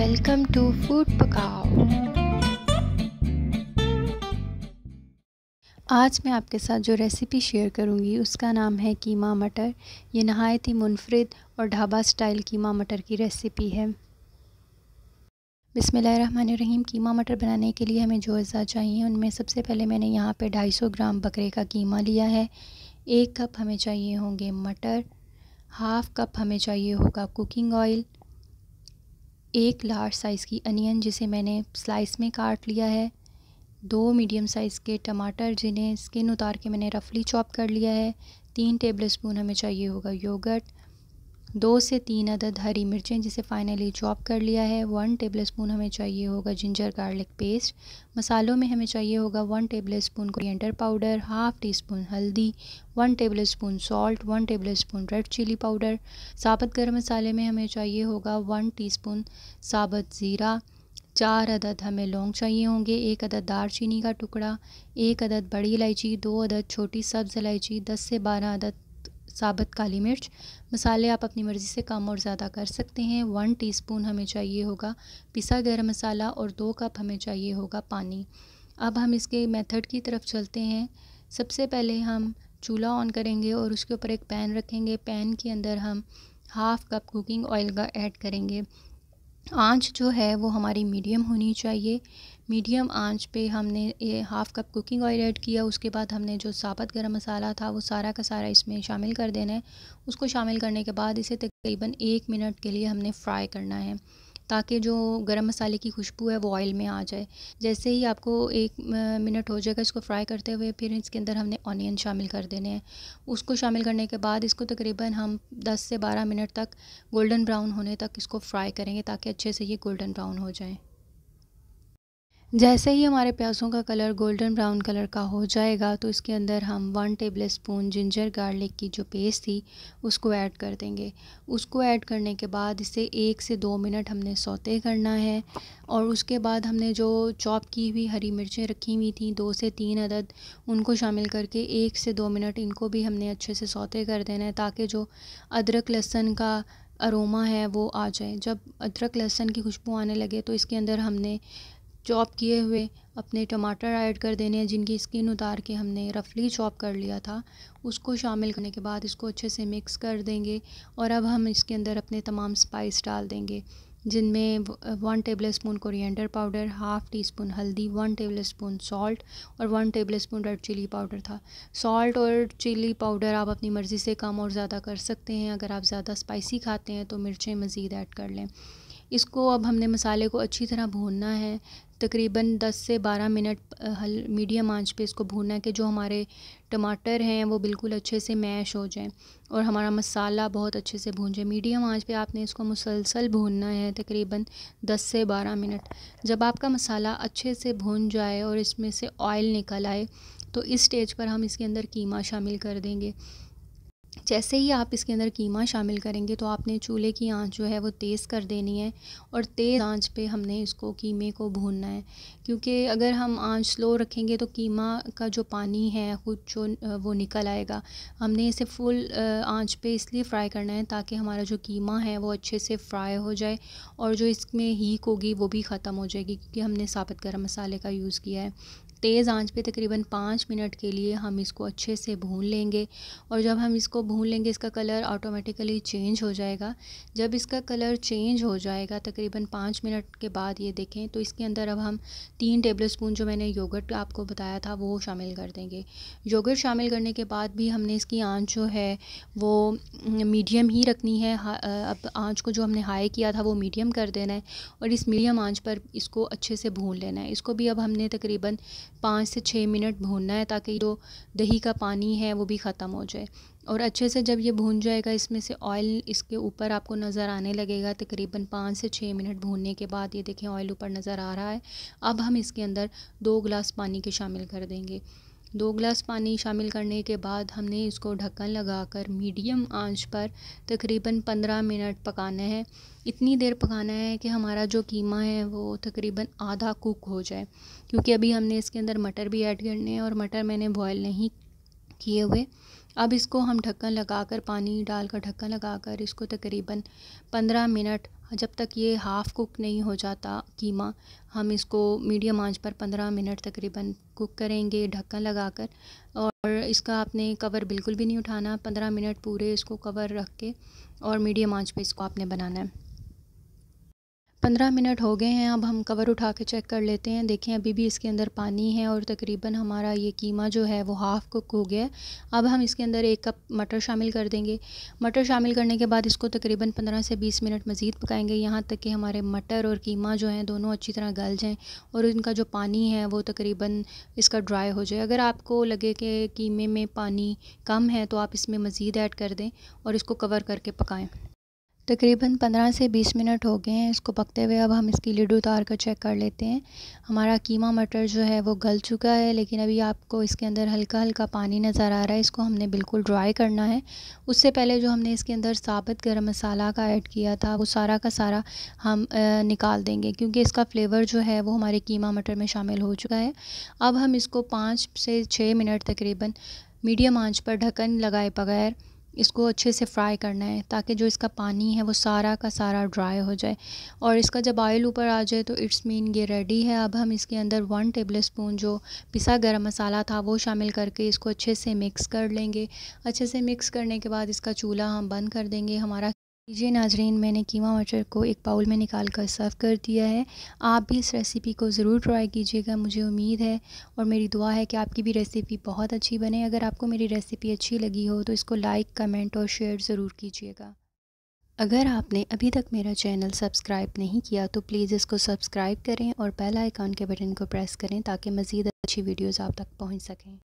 welcome to food पकाओ आज मैं आपके साथ जो रेसिपी शेयर करूंगी उसका नाम है कीमा मटर ये नहायत ही मुनफरद और ढाबा स्टाइल कीमा मटर की रेसिपी है रहीम कीमा मटर बनाने के लिए हमें जो अज़ा चाहिए उनमें सबसे पहले मैंने यहाँ पे 250 ग्राम बकरे का कीमा लिया है एक कप हमें चाहिए होंगे मटर हाफ़ कप हमें चाहिए होगा कुकिंग ऑयल एक लार्ज साइज़ की अनियन जिसे मैंने स्लाइस में काट लिया है दो मीडियम साइज़ के टमाटर जिन्हें स्किन उतार के मैंने रफली चॉप कर लिया है तीन टेबल स्पून हमें चाहिए होगा योगर्ट दो से तीन अदद हरी मिर्चें जिसे फाइनली चॉप कर लिया है वन टेबल स्पून हमें चाहिए होगा जिंजर गार्लिक पेस्ट मसालों में हमें चाहिए होगा one tablespoon coriander powder half teaspoon हल्दी one tablespoon salt one tablespoon red chilli powder साबत गर्म मसाले में हमें चाहिए होगा वन टी स्पून साबत ज़ीरा चार अदद हमें लौंग चाहिए होंगे एक अदद चीनी का टुकड़ा एक अदद बड़ी इलायची दो अदद छोटी सब्ज़ इलायची दस से बारह अदद साबित काली मिर्च मसाले आप अपनी मर्ज़ी से कम और ज़्यादा कर सकते हैं वन टीस्पून हमें चाहिए होगा पिसा गरम मसाला और दो कप हमें चाहिए होगा पानी अब हम इसके मेथड की तरफ चलते हैं सबसे पहले हम चूल्हा ऑन करेंगे और उसके ऊपर एक पैन रखेंगे पैन के अंदर हम हाफ़ कप कुकिंग ऑयल का ऐड करेंगे आँच जो है वो हमारी मीडियम होनी चाहिए मीडियम आँच पे हमने ये half cup cooking oil add किया उसके बाद हमने जो साबत गरम मसाला था वो सारा का सारा इसमें शामिल कर देना है उसको शामिल करने के बाद इसे तकरीबन एक मिनट के लिए हमने फ्राई करना है ताकि जो गरम मसाले की खुशबू है वो ऑयल में आ जाए जैसे ही आपको एक मिनट हो जाएगा इसको फ्राई करते हुए फिर इसके अंदर हमने ऑनियन शामिल कर देने हैं उसको शामिल करने के बाद इसको तकरीबन हम 10 से 12 मिनट तक गोल्डन ब्राउन होने तक इसको फ्राई करेंगे ताकि अच्छे से ये गोल्डन ब्राउन हो जाए जैसे ही हमारे प्याज़ों का कलर गोल्डन ब्राउन कलर का हो जाएगा तो इसके अंदर हम one tablespoon ginger garlic की जो पेस्ट थी उसको ऐड कर देंगे उसको ऐड करने के बाद इसे एक से दो मिनट हमने सौते करना है और उसके बाद हमने जो चॉप की हुई हरी मिर्चें रखी हुई थी दो से तीन अदद उनको शामिल करके एक से दो मिनट इनको भी हमने अच्छे से सौते कर देना है ताकि जो अदरक लहसन का अरोमा है वो आ जाए जब अदरक लहसन की खुशबू आने लगे तो इसके अंदर हमने चॉप किए हुए अपने टमाटर ऐड कर देने हैं जिनकी स्किन उतार के हमने रफली चॉप कर लिया था उसको शामिल करने के बाद इसको अच्छे से मिक्स कर देंगे और अब हम इसके अंदर अपने तमाम स्पाइस डाल देंगे जिनमें one tablespoon coriander powder half teaspoon हल्दी वन टेबल स्पून सॉल्ट और one tablespoon red chilli powder था सॉल्ट और चिली पाउडर आप अपनी मर्ज़ी से कम और ज़्यादा कर सकते हैं अगर आप ज़्यादा स्पाइसी खाते हैं तो मिर्चें मज़ीद ऐड कर लें इसको अब हमने मसाले को अच्छी तरह भूनना है तकरीबन 10 से 12 मिनट हल मीडियम आंच पे इसको भूनना है कि जो हमारे टमाटर हैं वो बिल्कुल अच्छे से मैश हो जाएं और हमारा मसाला बहुत अच्छे से भून जाए मीडियम आंच पे आपने इसको मुसलसल भूनना है तकरीबन 10 से 12 मिनट जब आपका मसाला अच्छे से भून जाए और इसमें से ऑयल निकल आए तो इस स्टेज पर हम इसके अंदर कीमा शामिल कर देंगे जैसे ही आप इसके अंदर कीमा शामिल करेंगे तो आपने चूल्हे की आंच जो है वो तेज़ कर देनी है और तेज़ आंच पे हमने इसको कीमे को भूनना है क्योंकि अगर हम आंच स्लो रखेंगे तो कीमा का जो पानी है खुद जो वो निकल आएगा हमने इसे फुल आंच पे इसलिए फ्राई करना है ताकि हमारा जो कीमा है वो अच्छे से फ्राई हो जाए और जो इसमें हीक होगी वो भी ख़त्म हो जाएगी क्योंकि हमने साबित गर्म मसाले का यूज़ किया है तेज़ आंच पे तकरीबन पाँच मिनट के लिए हम इसको अच्छे से भून लेंगे और जब हम इसको भून लेंगे इसका कलर ऑटोमेटिकली चेंज हो जाएगा जब इसका कलर चेंज हो जाएगा तकरीबन पाँच मिनट के बाद ये देखें तो इसके अंदर अब हम तीन टेबल स्पून जो मैंने योगर्ट आपको बताया था वो शामिल कर देंगे योगर्ट शामिल करने के बाद भी हमने इसकी आँच जो है वो मीडियम ही रखनी है अब आँच को जो हमने हाई किया था वो मीडियम कर देना है और इस मीडियम आँच पर इसको अच्छे से भून लेना है इसको भी अब हमने तकरीबन पाँच से छः मिनट भूनना है ताकि जो दही का पानी है वो भी ख़त्म हो जाए और अच्छे से जब ये भून जाएगा इसमें से ऑयल इसके ऊपर आपको नज़र आने लगेगा तकरीबन पाँच से छः मिनट भूनने के बाद ये देखें ऑयल ऊपर नज़र आ रहा है अब हम इसके अंदर दो गिलास पानी के शामिल कर देंगे दो गिलास पानी शामिल करने के बाद हमने इसको ढक्कन लगाकर मीडियम आंच पर तकरीबन पंद्रह मिनट पकाना है इतनी देर पकाना है कि हमारा जो कीमा है वो तकरीबन आधा कुक हो जाए क्योंकि अभी हमने इसके अंदर मटर भी ऐड करने हैं और मटर मैंने बॉयल नहीं किए हुए अब इसको हम ढक्कन लगाकर पानी डालकर ढक्कन लगाकर इसको तकरीबन पंद्रह मिनट जब तक ये हाफ़ कुक नहीं हो जाता कीमा हम इसको मीडियम आंच पर पंद्रह मिनट तकरीबन कुक करेंगे ढक्कन लगाकर और इसका आपने कवर बिल्कुल भी नहीं उठाना पंद्रह मिनट पूरे इसको कवर रख के और मीडियम आंच पे इसको आपने बनाना है पंद्रह मिनट हो गए हैं अब हम कवर उठा के चेक कर लेते हैं देखें अभी भी इसके अंदर पानी है और तकरीबन हमारा ये कीमा जो है वो हाफ़ कुक हो गया है अब हम इसके अंदर एक कप मटर शामिल कर देंगे मटर शामिल करने के बाद इसको तकरीबन पंद्रह से बीस मिनट मज़ीद पकाएंगे यहाँ तक कि हमारे मटर और कीमा जो हैं दोनों अच्छी तरह गल जाएँ और इनका जो पानी है वो तकरीबन इसका ड्राई हो जाए अगर आपको लगे कि कीमे में पानी कम है तो आप इसमें मज़ीद ऐड कर दें और इसको कवर करके पकाएँ तकरीबन पंद्रह से बीस मिनट हो गए हैं इसको पकते हुए अब हम इसकी लिड उतार कर चेक कर लेते हैं हमारा कीमा मटर जो है वो गल चुका है लेकिन अभी आपको इसके अंदर हल्का हल्का पानी नज़र आ रहा है इसको हमने बिल्कुल ड्राई करना है उससे पहले जो हमने इसके अंदर साबित गर्म मसाला का ऐड किया था वो सारा का सारा हम निकाल देंगे क्योंकि इसका फ्लेवर जो है वो हमारे कीमा मटर में शामिल हो चुका है अब हम इसको पाँच से छः मिनट तकरीबन मीडियम आंच पर ढक्कन लगाए बगैर इसको अच्छे से फ्राई करना है ताकि जो इसका पानी है वो सारा का सारा ड्राई हो जाए और इसका जब ऑयल ऊपर आ जाए तो इट्स मीन ये रेडी है अब हम इसके अंदर वन टेबल स्पून जो पिसा गरम मसाला था वो शामिल करके इसको अच्छे से मिक्स कर लेंगे अच्छे से मिक्स करने के बाद इसका चूल्हा हम बंद कर देंगे हमारा जी नाजरीन मैंने कीमा मटर को एक बाउल में निकाल कर सर्व कर दिया है आप भी इस रेसिपी को ज़रूर ट्राई कीजिएगा मुझे उम्मीद है और मेरी दुआ है कि आपकी भी रेसिपी बहुत अच्छी बने अगर आपको मेरी रेसिपी अच्छी लगी हो तो इसको लाइक कमेंट और शेयर ज़रूर कीजिएगा अगर आपने अभी तक मेरा चैनल सब्सक्राइब नहीं किया तो प्लीज़ इसको सब्सक्राइब करें और बेल आइकॉन के बटन को प्रेस करें ताकि मज़ीद अच्छी वीडियोज़ आप तक पहुँच सकें